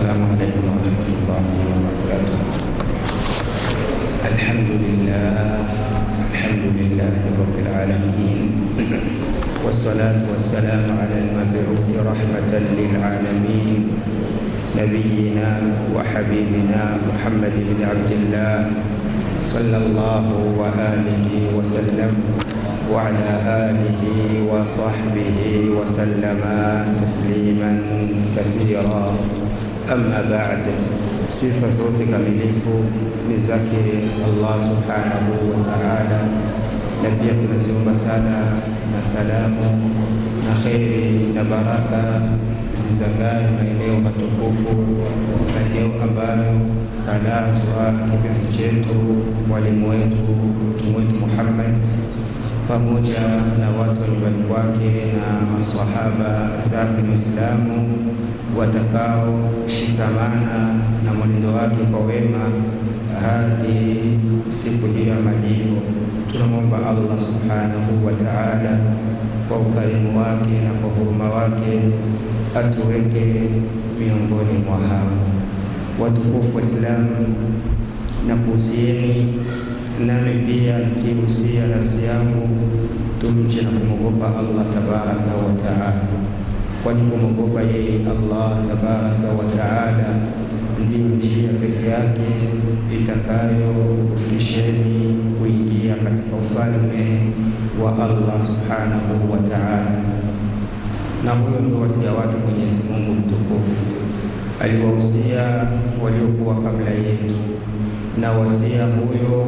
السلام عليكم ورحمة الله وبركاته الحمد لله الحمد لله رب العالمين والصلاة والسلام على المبعوث رحمة للعالمين نبينا وحبيبنا محمد بن عبد الله صلى الله وآله وسلم وعلى آله وصحبه وسلم تسليما كثيرا Amma baad, sifa zote kamilifu ni zake Allah subhanahu wa ta'ala, na pia tunaziomba sana na salamu na kheri na baraka zizangaye maeneo matukufu, maeneo ambayo kalazwa kipenzi chetu mwalimu wetu pamoja na watu wa nyumbani kwake na masahaba zake Muislamu watakaoshikamana na mwenendo wake kwa wema hadi siku hiyo ya malipo. Tunamwomba Allah subhanahu wa ta'ala kwa ukarimu wake na kwa huruma wake atuweke miongoni mwa hao watukufu wa islamu na kuhusieni nami pia nikihusia nafsi yangu tumche na kumwogopa Allah tabaraka wa taala, kwani kumwogopa yeye Allah tabaraka wa taala ndiyo njia peke yake itakayokufisheni kuingia katika ufalme wa Allah subhanahu wa taala. Na huyo ndio wasia wake Mwenyezi Mungu mtukufu aliwahusia waliokuwa kabla yetu, na wasia huyo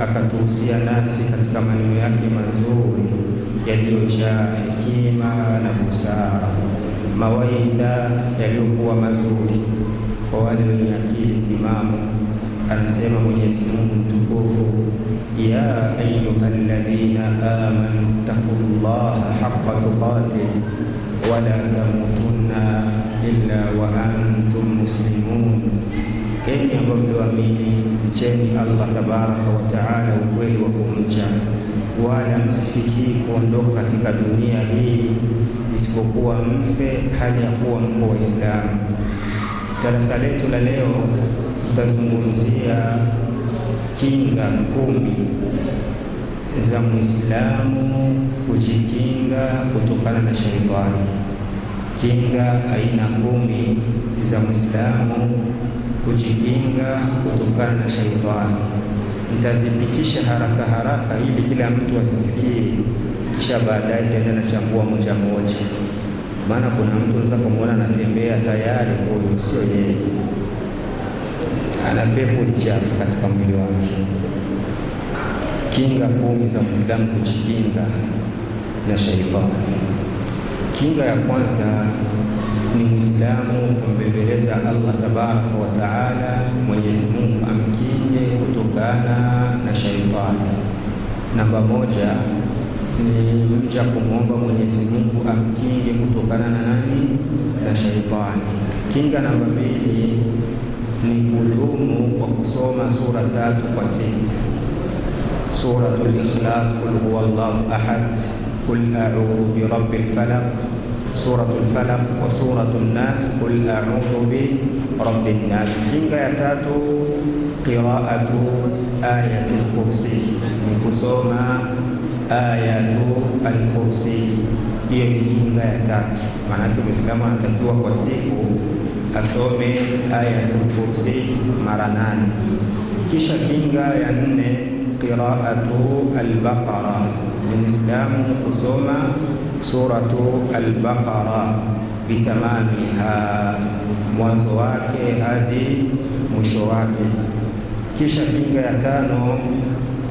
akatuhusia nasi katika maneno yake mazuri yaliyojaa hekima na busara, mawaidha yaliyokuwa mazuri kwa wale wenye akili timamu. Anasema Mwenyezi Mungu mtukufu, ya ayuha ayyuhalladhina amanu taqullaha haqqa tuqatih wala tamutunna illa wa antum muslimun, enyi ambao mlioamini Mcheni Allah tabaraka wa taala ukweli wa kumcha, wala msifikii kuondoka katika dunia hii isipokuwa mfe hali ya kuwa mko Waislamu. Darasa letu la leo tutazungumzia kinga kumi za Muislamu kujikinga kutokana na shaitani. Kinga aina kumi za Muislamu kujikinga kutokana na shaitani. Nitazipitisha haraka haraka ili kila mtu asisikie, kisha baadaye nitaenda na chambua moja moja, maana kuna mtu anaweza kumwona anatembea tayari, huyu sio yeye, ana pepo chafu katika mwili wake. Kinga kumi za Muislamu kujikinga na shaitani. Kinga ya kwanza ni mwislamu kumbembeleza Allah tabaraka wa taala, Mwenyezi Mungu amkinge kutokana na shaitani. Namba moja ni mja kumwomba Mwenyezi Mungu amkinge kutokana na nani? Na shaitani. Kinga namba mbili ni kudumu kwa kusoma sura tatu kwa siku: Suratul Ikhlas, qul huwallahu ahad, qul a'udhu birabbil falaq سورة الفلق وسورة الناس قل أعوذ برب الناس إن قيتات قراءة آية الكرسي من لكسوما آية الكرسي هي يمكن قيتات معنى الإسلام أن تتوى وسيكو أسومي آية الكرسي مرنان كيشا كينغا يعني قراءة البقرة الإسلام كسوما Suratu Al-Baqara bitamamiha, mwanzo wake hadi mwisho wake. Kisha kinga ya tano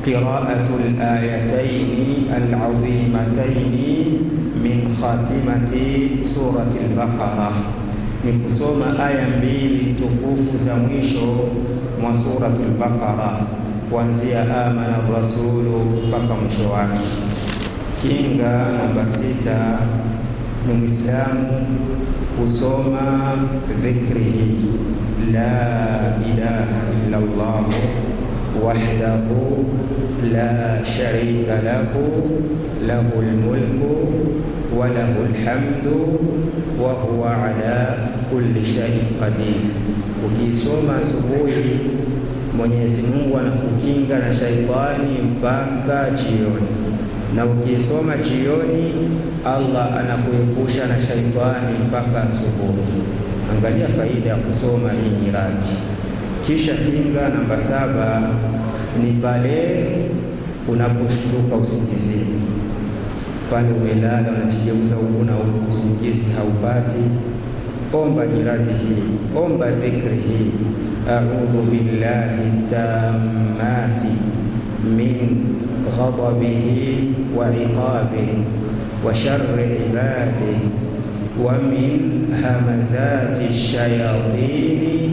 qiraatu al-ayataini al-azimataini min khatimati surati al-Baqara, ni kusoma aya mbili tukufu za mwisho mwa surati al-Baqara, kuanzia amana rasulu mpaka mwisho wake. Kinga namba sita ni Mwislamu kusoma dhikri hii la ilaha illa Allah wahdahu la sharika lahu lahu lmulku wa lahu lhamdu wa huwa ala kulli shay'in qadir. ukiisoma asubuhi, Mwenyezi Mungu anakukinga na shaitani mpaka jioni na ukisoma jioni, Allah anakuepusha na shaitani mpaka asubuhi. Angalia faida ya kusoma hii nyirati. Kisha kinga namba saba ni pale unaposhtuka usingizini, pale umelala unajigeuza huku na huku, usingizi haupati, omba nyirati hii, omba dhikri hii, a'udhu billahi tammati min ghadabihi wa غضبه وعقابه وشر عباده ومن همزات الشياطين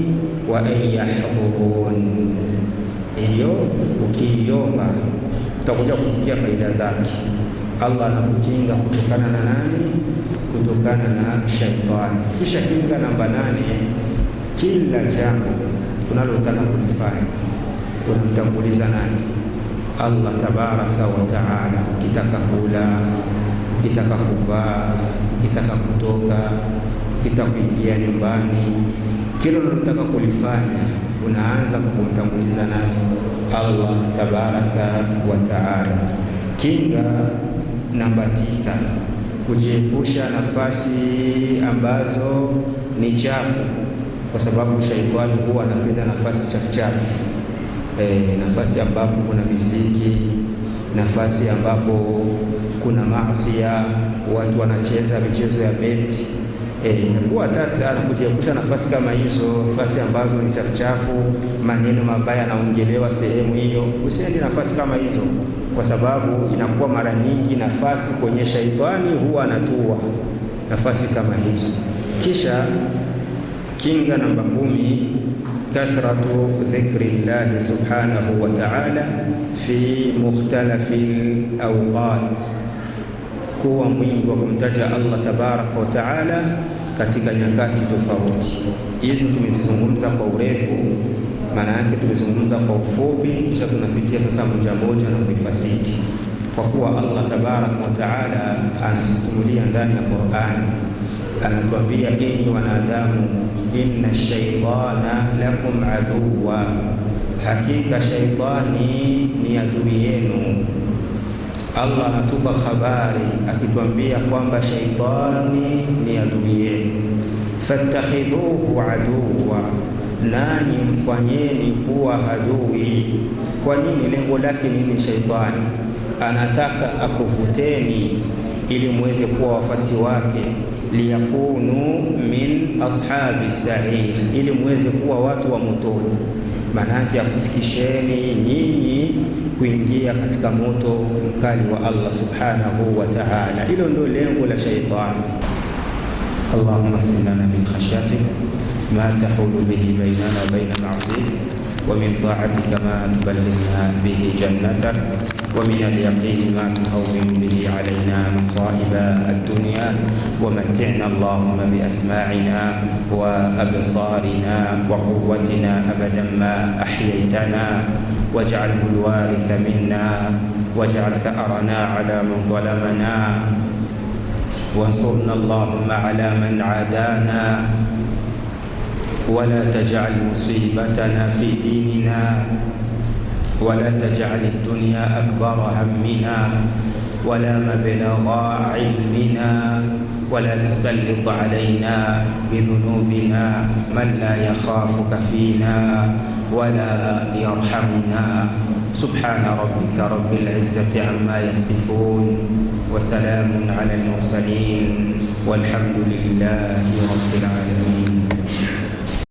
وأن يحضرون. Hiyo ukiiomba utakuja kusikia faida zake. Allah anakukinga kutokana na nani? Kutokana na shaitani. Kisha kinga namba nane, kila jambo tunalotaka kulifanya unamtanguliza nani? Allah tabaraka wa taala. Ukitaka kula, ukitaka kuvaa, ukitaka kutoka, ukitaka kuingia nyumbani, kila unataka kulifanya unaanza kumtanguliza nani? Allah tabaraka wa taala. Kinga namba tisa, kujiepusha nafasi ambazo ni chafu, kwa sababu shaitani huwa anapenda nafasi chafu chafu e, nafasi ambapo kuna miziki, nafasi ambapo kuna ya watu wanacheza michezo ya beti eh, kuwa hatari sana kujiepusha nafasi kama hizo, nafasi ambazo ni chafuchafu, maneno mabaya yanaongelewa sehemu hiyo. Usiende nafasi kama hizo, kwa sababu inakuwa mara nyingi nafasi kwenye shaitani huwa anatua nafasi kama hizo. Kisha kinga namba kumi kathratu dhikri llahi subhanahu wa ta'ala fi mukhtalafi awqat, kuwa mwingi wa kumtaja Allah tabaraka wa taala katika nyakati tofauti. hizo tumezizungumza kwa urefu, maana yake tumezungumza kwa ufupi, kisha tunapitia sasa moja moja na kuifasiri, kwa kuwa Allah tabaraka wa taala anatusimulia ndani ya Qur'ani anatuambia enyi wanadamu, inna shaitana lakum aduwa, hakika shaitani ni adui yenu. Allah anatupa habari akituambia kwamba shaitani ni adui yenu, fattakhidhuhu aduwa, nanyi mfanyeni kuwa adui. Kwa nini? Lengo lake nini? Shaitani anataka akuvuteni ili muweze kuwa wafasi wake liyakunu min ashabi sair, ili muweze kuwa watu wa motoni, maana yake akufikisheni nyinyi kuingia katika moto mkali wa Allah subhanahu wa ta'ala. Hilo ndio lengo la shaitani. Allahumma qsim lana min khashyatik ma tahulu bihi bainana wa baina ma'sik wa min ta'atika ma tuballighna bihi jannatak wa min al-yaqini ma tuhawwin مصائب الدنيا ومتعنا اللهم بأسماعنا وأبصارنا وقوتنا أبدا ما أحييتنا واجعله الوارث منا واجعل ثأرنا على من ظلمنا وانصرنا اللهم على من عادانا ولا تجعل مصيبتنا في ديننا ولا تجعل الدنيا أكبر همنا ولا مبلغ علمنا ولا تسلط علينا بذنوبنا من لا يخافك فينا ولا يرحمنا سبحان ربك رب العزة عما يصفون وسلام على المرسلين والحمد لله رب العالمين